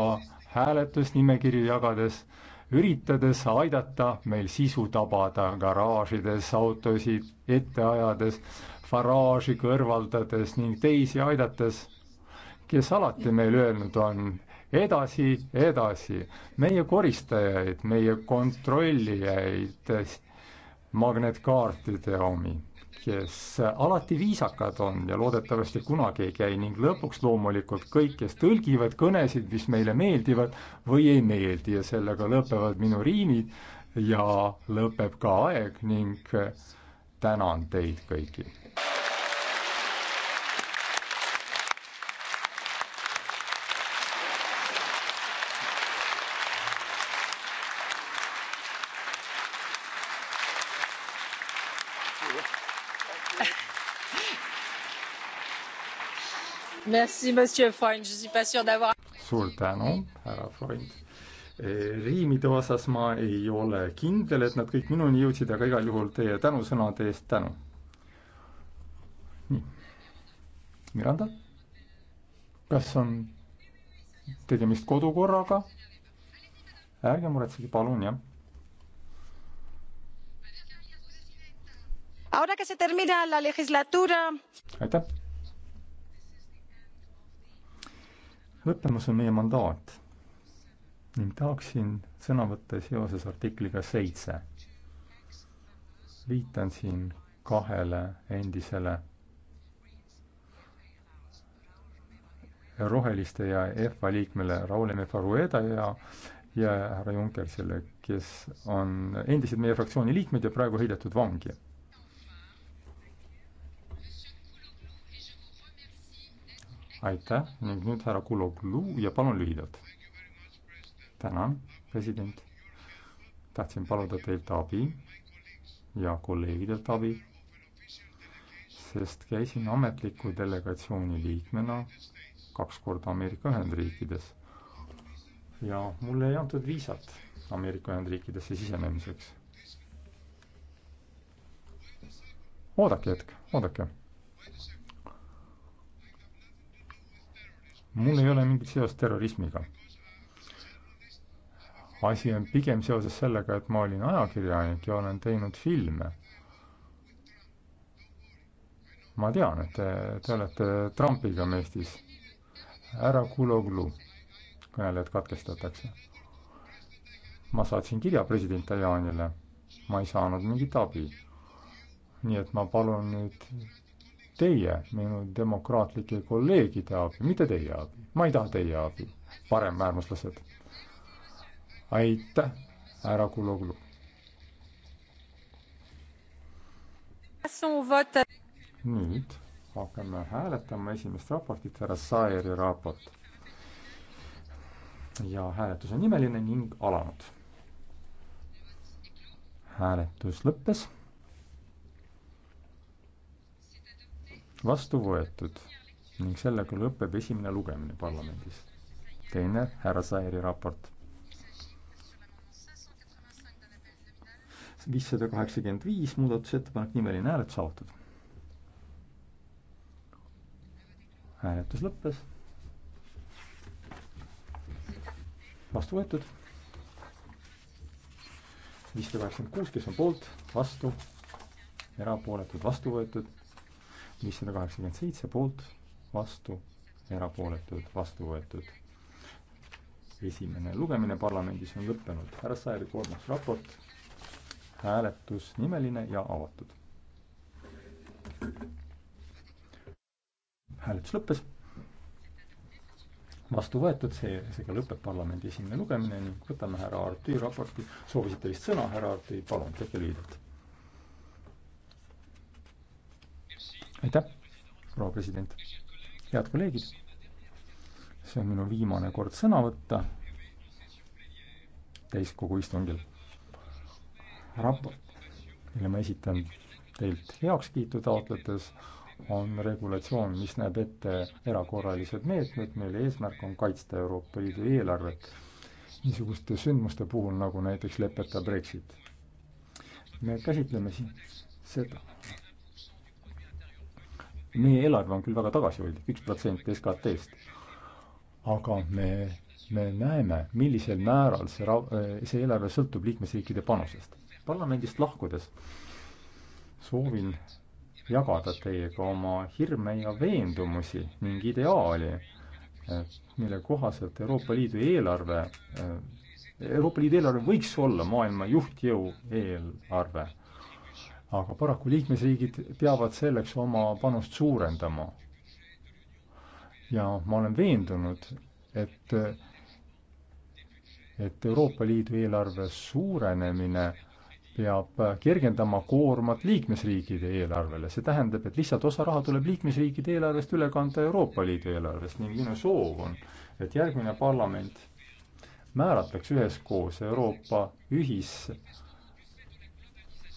hääletusnimekirju jagades, üritades aidata meil sisu tabada garaažides, autosid ette ajades, faraaži kõrvaldades ning teisi aidates, kes alati meil öelnud on, edasi, edasi. meie koristajaid, meie kontrollijaid, magnetkaartide omi, kes alati viisakad on ja loodetavasti kunagi ei käi ning lõpuks loomulikult kõik, kes tõlgivad kõnesid, mis meile meeldivad või ei meeldi ja sellega lõpevad minu riimid ja lõpeb ka aeg ning tänan teid kõiki suur tänu, härra Freund. Eh, riimide osas ma ei ole kindel, et nad kõik minuni jõudsid, aga igal juhul teie tänusõnade eest tänu. nii. Miranda, kas on tegemist kodukorraga? ärge muretsege, palun, jah. aitäh lõppemas on meie mandaat ning tahaksin sõna võtta seoses artikliga seitse. viitan siin kahele endisele roheliste ja EFA liikmele Raul Mefarueda ja ja härra Junkersile, kes on endised meie fraktsiooni liikmed ja praegu heidetud vangi aitäh ning nüüd härra Kuloglu ja palun lühidalt. tänan, president. tahtsin paluda teilt abi ja kolleegidelt abi, sest käisin ametliku delegatsiooni liikmena kaks korda Ameerika Ühendriikides ja mulle ei antud viisat Ameerika Ühendriikidesse sisenemiseks. oodake hetk, oodake mul ei ole mingit seost terrorismiga. asi on pigem seoses sellega, et ma olin ajakirjanik ja olen teinud filme. ma tean, et te, te olete Trumpiga Eestis. ära kuloglu, kõnelejad katkestatakse. ma saatsin kirja president Tajanile, ma ei saanud mingit abi. nii et ma palun nüüd teie, minu demokraatlike kolleegide abi, mitte teie abi. ma ei taha teie abi, paremäärmuslased. aitäh, härra Kuloglu. nüüd hakkame hääletama esimest raportit, härra Saeri raport. ja hääletus on nimeline ning alanud. hääletus lõppes vastu võetud ning sellega lõpeb esimene lugemine parlamendis. teine härra Saeri raport. viissada kaheksakümmend viis muudatusettepanek, nimeline hääletus avatud. hääletus lõppes. vastu võetud. viissada kaheksakümmend kuus, kes on poolt, vastu, erapooletud, vastu võetud viissada kaheksakümmend seitse poolt, vastu, erapooletud, vastu võetud. esimene lugemine parlamendis on lõppenud. härra Saeri kolmas raport, hääletus nimeline ja avatud. hääletus lõppes vastu võetud, see, seega lõpeb parlamendi esimene lugemine ning võtame härra Artüri raporti. soovisite vist sõna, härra Artüri, palun, tehke lühidalt aitäh, proua president. head kolleegid, see on minu viimane kord sõna võtta täiskogu istungil. raport, mille ma esitan teilt heakskiitu taotledes, on regulatsioon, mis näeb ette erakorralised meetmed, mille eesmärk on kaitsta Euroopa Liidu eelarvet niisuguste sündmuste puhul, nagu näiteks lepeta Brexit. me käsitleme siin seda, meie eelarve on küll väga tagasihoidlik, üks protsent SKT-st, aga me, me näeme, millisel määral see ra-, see eelarve sõltub liikmesriikide panusest. parlamendist lahkudes soovin jagada teiega oma hirme ja veendumusi ning ideaali, mille kohaselt Euroopa Liidu eelarve Euroopa Liidu eelarve võiks olla maailma juhtjõu eelarve aga paraku liikmesriigid peavad selleks oma panust suurendama. ja ma olen veendunud, et, et Euroopa Liidu eelarve suurenemine peab kergendama koormat liikmesriikide eelarvele, see tähendab, et lihtsalt osa raha tuleb liikmesriikide eelarvest üle kanda Euroopa Liidu eelarvest ning minu soov on, et järgmine parlament määrataks üheskoos Euroopa ühis-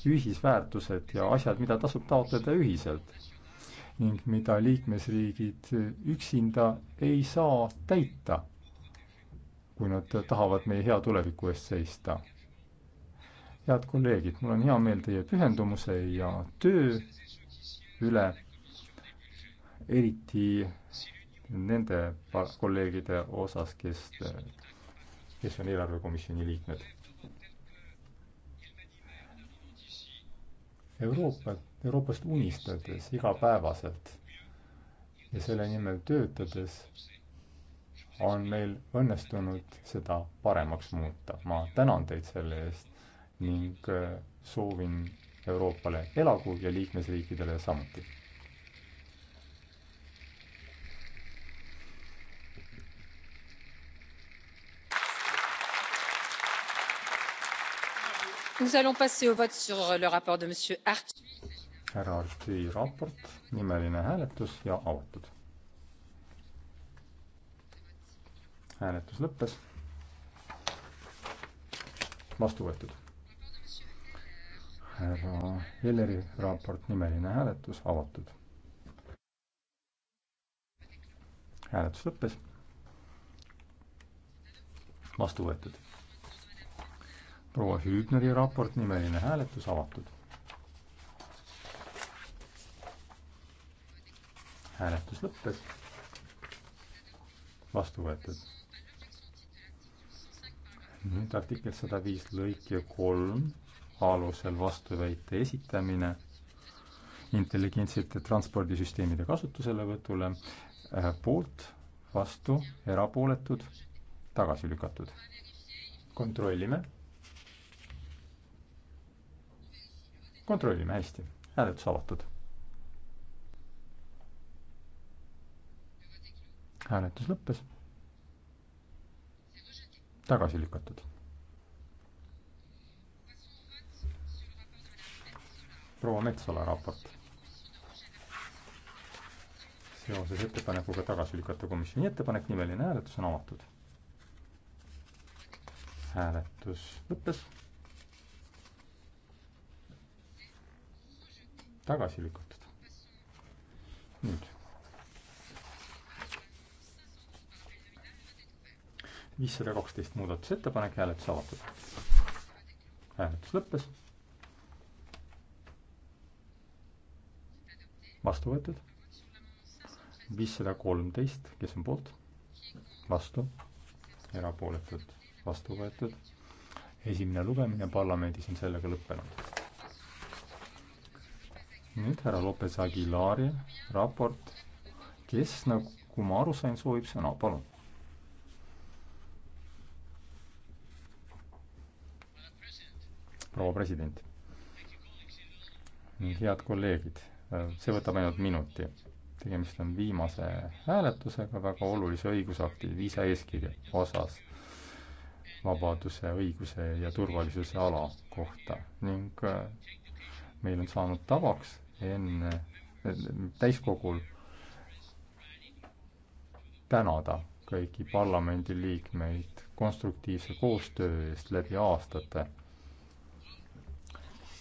ühisväärtused ja asjad, mida tasub taotleda ühiselt ning mida liikmesriigid üksinda ei saa täita, kui nad tahavad meie hea tuleviku eest seista. head kolleegid, mul on hea meel teie pühendumuse ja töö üle, eriti nende kolleegide osas, kes, kes on eelarvekomisjoni liikmed Euroopat, Euroopast unistades igapäevaselt ja selle nimel töötades on meil õnnestunud seda paremaks muuta. ma tänan teid selle eest ning äh, soovin Euroopale elagu ja liikmesriikidele samuti härra Artüi raport, nimeline hääletus ja avatud. hääletus lõppes. vastu võetud. härra Helleri raport, nimeline hääletus, avatud. hääletus lõppes. vastu võetud proua Hüübneri raport, nimeline hääletus avatud. hääletus lõppes. vastu võetud. nüüd artikkel sada viis lõike kolm alusel vastuväite esitamine intelligentsete transpordisüsteemide kasutuselevõtule äh, poolt, vastu, erapooletud, tagasi lükatud. kontrollime kontrollime hästi, hääletus avatud. hääletus lõppes. tagasi lükatud. proua Metsala raport seoses ettepanekuga tagasi lükata komisjoni ettepanek, nimeline hääletus on avatud. hääletus lõppes tagasi lükatud. nüüd. viissada kaksteist muudatusettepanek, hääletus avatud. hääletus lõppes. vastu võetud. viissada kolmteist, kes on poolt? vastu. erapooletud, vastu võetud. esimene lugemine parlamendis on sellega lõppenud nüüd härra Lopez Aguilari raport, kes nagu ma aru sain, soovib sõna, palun. proua president. head kolleegid, see võtab ainult minuti. tegemist on viimase hääletusega väga olulise õigusakti viisa eeskirja osas vabaduse, õiguse ja turvalisuse ala kohta ning meil on saanud tavaks enne täiskogul tänada kõiki parlamendiliikmeid konstruktiivse koostöö eest läbi aastate.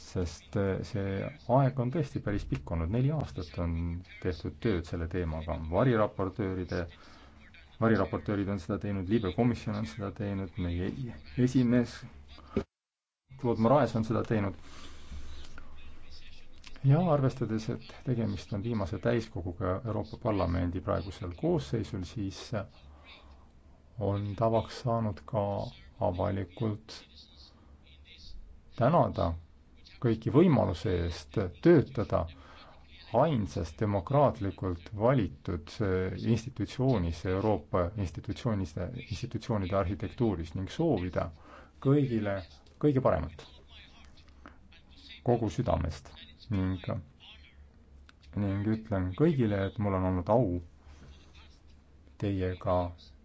sest eh, see aeg on tõesti päris pikk olnud, neli aastat on tehtud tööd selle teemaga, variraportööride, variraportöörid on seda teinud, liibekomisjon on seda teinud, meie e-, esimees Claude Moraes on seda teinud ja arvestades, et tegemist on viimase täiskoguga Euroopa Parlamendi praegusel koosseisul, siis on tavaks saanud ka avalikult tänada kõiki võimaluse eest töötada ainsas demokraatlikult valitud institutsioonis, Euroopa institutsioonis, institutsioonide arhitektuuris ning soovida kõigile kõige paremat kogu südamest ning, ning ütlen kõigile, et mul on olnud au teiega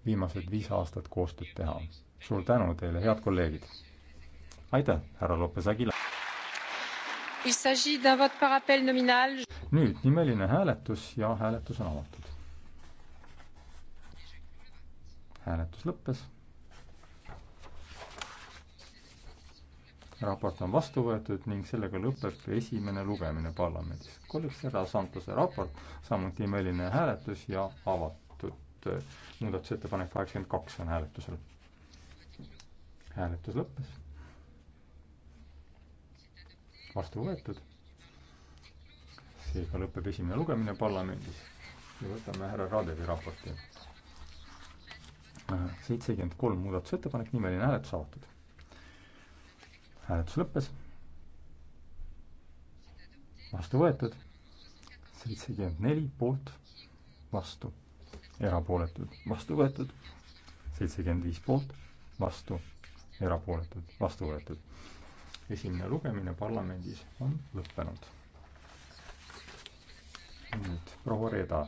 viimased viis aastat koostööd teha. suur tänu teile, head kolleegid! aitäh, härra Lopes Aguilar! nüüd nimeline hääletus ja hääletus on avatud. hääletus lõppes raport on vastu võetud ning sellega lõpeb esimene lugemine parlamendis. kolleeg Serra Santose raport, samuti imeline hääletus ja avatud äh, muudatusettepanek kaheksakümmend kaks on hääletusel. hääletus lõppes. vastu võetud. seega lõpeb esimene lugemine parlamendis ja võtame härra Radevi raporti. Äh, seitsekümmend kolm muudatusettepanek, nimeline hääletus avatud hääletus lõppes. vastu võetud. seitsekümmend neli poolt, vastu, erapooletud, vastu võetud. seitsekümmend viis poolt, vastu, erapooletud, vastu võetud. esimene lugemine parlamendis on lõppenud. nüüd proua Reeda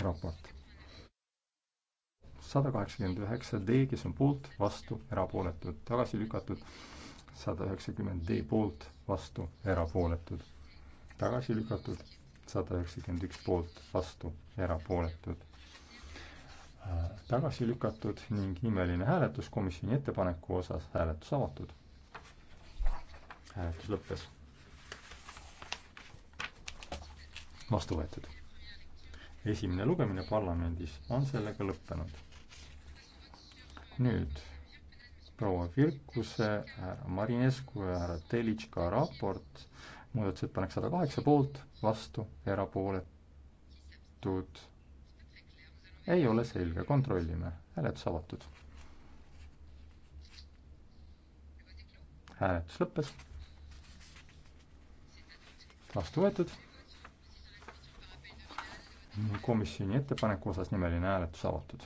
raport sada kaheksakümmend üheksa D, kes on poolt, vastu, erapooletud, tagasi lükatud. sada üheksakümmend D poolt, vastu, erapooletud, tagasi lükatud. sada üheksakümmend üks poolt, vastu, erapooletud, tagasi lükatud ning nimeline hääletus komisjoni ettepaneku osas, hääletus avatud. hääletus lõppes. vastu võetud esimene lugemine parlamendis on sellega lõppenud nüüd proua Virkuse, härra Marinescu ja härra Telitška raport, muudatusettepanek sada kaheksa poolt, vastu, erapooletud. ei ole selge, kontrollime, hääletus avatud. hääletus lõppes. vastu võetud. komisjoni ettepaneku osas nimeline hääletus avatud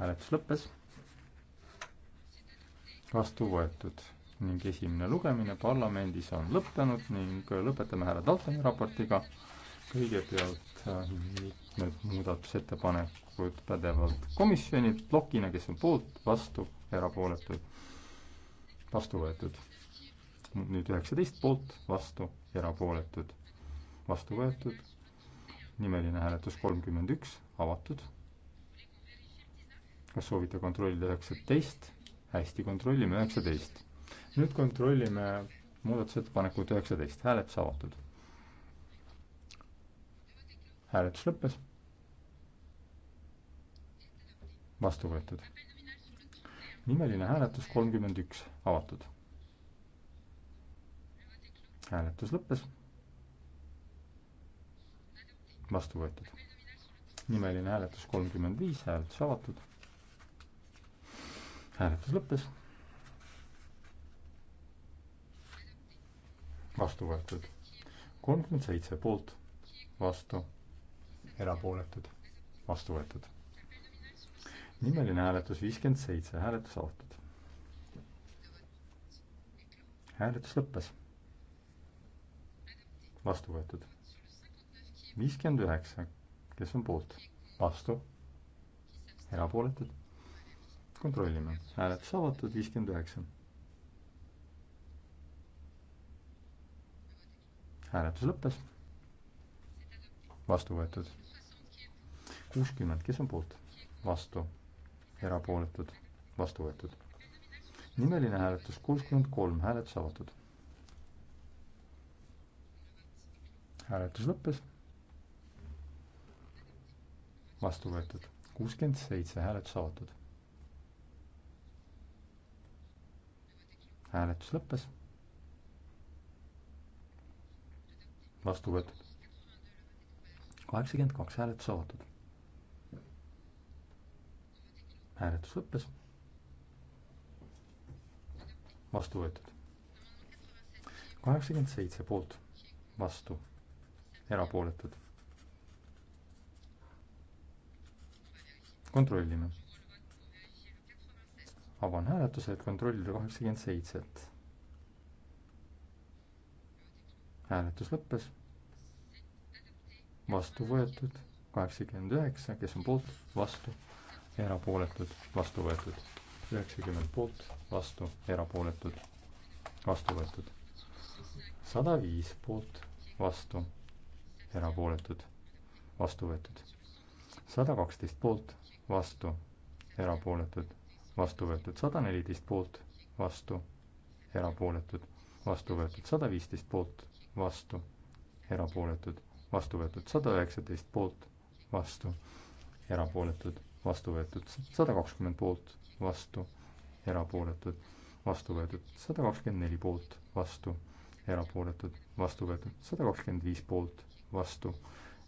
hääletus lõppes. vastu võetud ning esimene lugemine parlamendis on lõppenud ning lõpetame härra Daltoni raportiga. kõigepealt äh, mitmed muudatusettepanekud pädevalt komisjonilt plokina, kes on poolt, vastu, erapooletuid, vastu võetud. nüüd üheksateist poolt, vastu, erapooletud, vastu võetud. nimeline hääletus kolmkümmend üks, avatud kas soovite kontrollida üheksateist? hästi, kontrollime üheksateist. nüüd kontrollime muudatusettepanekut üheksateist, hääletus avatud. hääletus lõppes. vastu võetud. nimeline hääletus kolmkümmend üks, avatud. hääletus lõppes. vastu võetud. nimeline hääletus kolmkümmend viis, hääletus avatud hääletus lõppes. vastu võetud kolmkümmend seitse poolt, vastu, erapooletud, vastu võetud. nimeline hääletus viiskümmend seitse, hääletus avatud. hääletus lõppes. vastu võetud. viiskümmend üheksa, kes on poolt, vastu, erapooletud kontrollime. hääletus avatud, viiskümmend üheksa. hääletus lõppes. vastu võetud. kuuskümmend, kes on poolt? vastu. erapooletud, vastu võetud. nimeline hääletus kuuskümmend kolm, hääletus avatud. hääletus lõppes. vastu võetud. kuuskümmend seitse, hääletus avatud hääletus lõppes. vastu võetud. kaheksakümmend kaks hääletus avatud. hääletus lõppes. vastu võetud. kaheksakümmend seitse poolt, vastu, erapooletud. kontrollime avan hääletuse, et kontrollida kaheksakümmend seitset. hääletus lõppes. vastu võetud kaheksakümmend üheksa, kes on poolt, vastu, erapooletud, vastu võetud. üheksakümmend poolt, vastu, erapooletud, vastu võetud. sada viis poolt, vastu, erapooletud, vastu võetud. sada kaksteist poolt, vastu, erapooletud vastu võetud sada neliteist poolt, vastu, erapooletud, vastu võetud sada viisteist poolt, vastu, erapooletud, vastu võetud sada üheksateist poolt, vastu, erapooletud, vastu võetud sada kakskümmend poolt, vastu, erapooletud, vastu võetud sada kakskümmend neli poolt, vastu, erapooletud, vastu võetud sada kakskümmend viis poolt, vastu,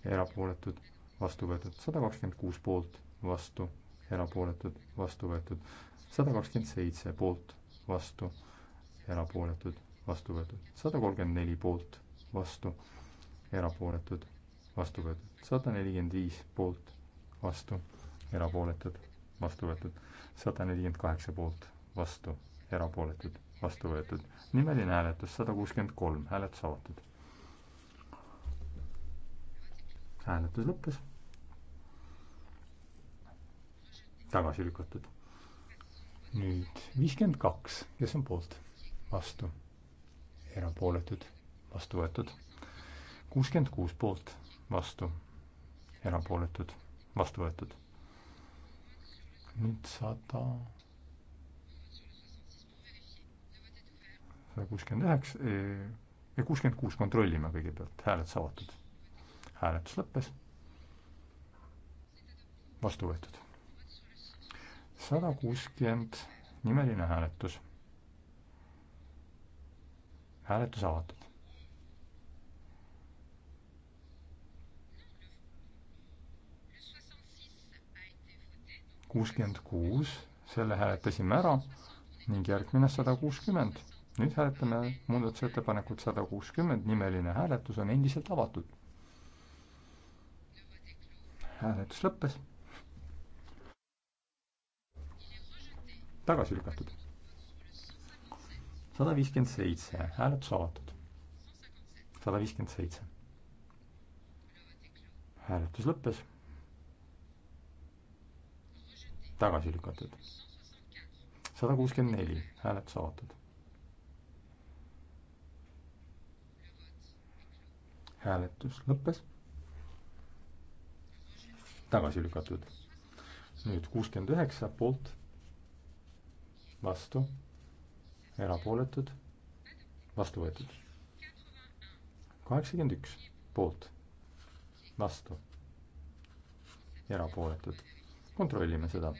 erapooletud, vastu võetud sada kakskümmend kuus poolt, vastu erapooletud, vastu võetud. sada kakskümmend seitse poolt, vastu, erapooletud, vastu võetud. sada kolmkümmend neli poolt, vastu, erapooletud, vastu võetud. sada nelikümmend viis poolt, vastu, erapooletud, vastu võetud. sada nelikümmend kaheksa poolt, vastu, erapooletud, vastu võetud. nimeline hääletus sada kuuskümmend kolm, hääletus avatud. hääletus lõppes tagasi lükatud. nüüd viiskümmend kaks, kes on poolt, vastu, erapooletud, vastu võetud. kuuskümmend kuus poolt, vastu, erapooletud, vastu võetud. nüüd sada sada kuuskümmend üheksa ja eh, eh, kuuskümmend kuus kontrollime kõigepealt, hääletus avatud. hääletus lõppes. vastu võetud sada kuuskümmend nimeline hääletus. hääletus avatud. kuuskümmend kuus, selle hääletasime ära ning järgmine sada kuuskümmend. nüüd hääletame muudatusettepanekut sada kuuskümmend, nimeline hääletus on endiselt avatud. hääletus lõppes tagasi lükatud. sada viiskümmend seitse, hääletus avatud. sada viiskümmend seitse. hääletus lõppes. tagasi lükatud. sada kuuskümmend neli, hääletus avatud. hääletus lõppes. tagasi lükatud. nüüd kuuskümmend üheksa poolt vastu, erapooletud, vastu võetud. kaheksakümmend üks poolt, vastu, erapooletud. kontrollime seda.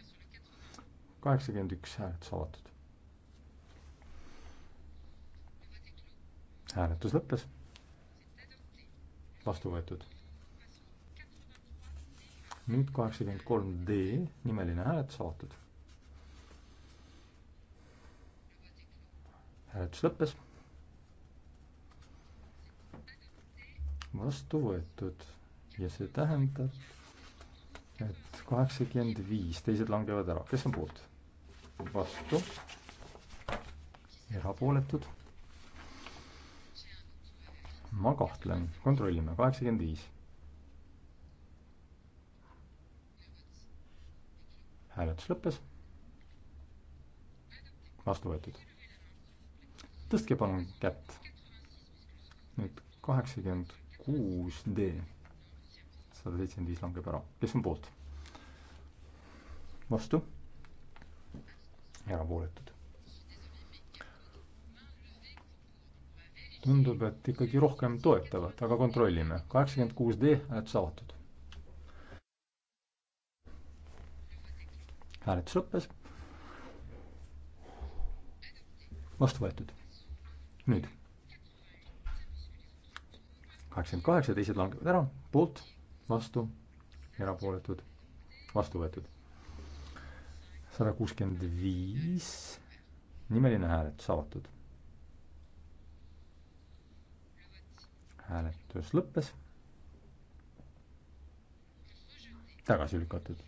kaheksakümmend üks hääletus avatud. hääletus lõppes. vastu võetud. nüüd kaheksakümmend kolm D nimeline hääletus avatud hääletus lõppes. vastu võetud ja see tähendab, et kaheksakümmend viis, teised langevad ära, kes on poolt? vastu, erapooletud. ma kahtlen, kontrollime, kaheksakümmend viis. hääletus lõppes. vastu võetud tõstke palun kätt. nüüd kaheksakümmend kuus D. sada seitsekümmend viis langeb ära. kes on poolt? vastu? erapooletud. tundub, et ikkagi rohkem toetavad, aga kontrollime. kaheksakümmend kuus D hääletus avatud. hääletus lõppes. vastu võetud nüüd. kaheksakümmend kaheksa, teised langevad ära, poolt, vastu, erapooletud, vastu võetud. sada kuuskümmend viis, nimeline hääletus avatud. hääletus lõppes. tagasi lükatud.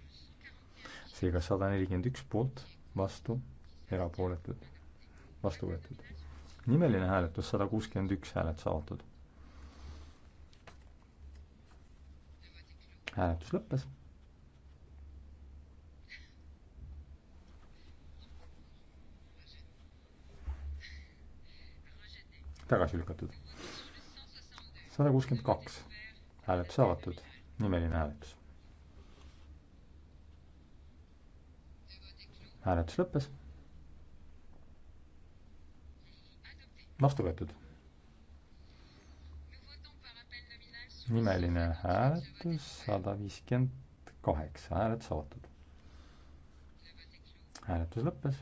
seega sada nelikümmend üks poolt, vastu, erapooletud, vastu võetud nimeline hääletus, sada kuuskümmend üks hääletus avatud. hääletus lõppes. tagasi lükatud. sada kuuskümmend kaks hääletus avatud, nimeline hääletus. hääletus lõppes vastu võetud. nimeline hääletus sada viiskümmend kaheksa, hääletus avatud. hääletus lõppes.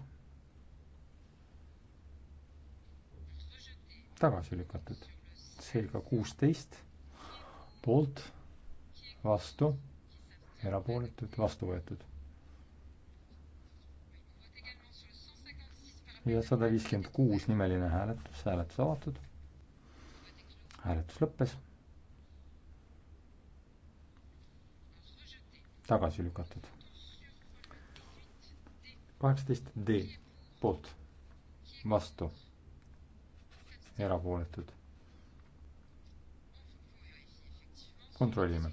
tagasi lükatud, seega kuusteist poolt, vastu, erapooletud, vastu võetud ja sada viiskümmend kuus nimeline hääletus, hääletus avatud. hääletus lõppes. tagasi lükatud. kaheksateist D poolt, vastu, erapooletud. kontrollime.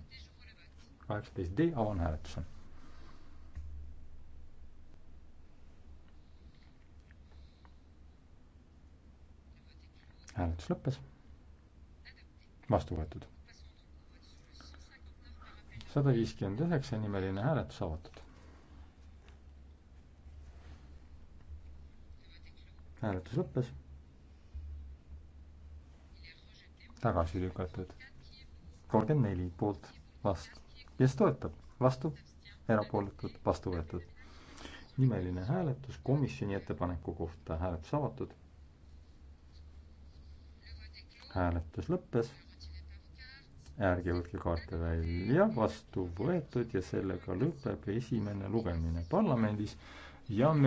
kaheksateist D, avan hääletuse hääletus lõppes. vastu võetud. sada viiskümmend üheksa nimeline hääletus avatud. hääletus lõppes. tagasi lükatud. kolmkümmend neli poolt, vastu, kes toetab, vastu, erapooletud, vastu võetud. nimeline hääletus komisjoni ettepaneku kohta, hääletus avatud hääletus lõppes. ärge võtke kaarte välja, vastu võetud ja sellega lõpeb esimene lugemine parlamendis ja me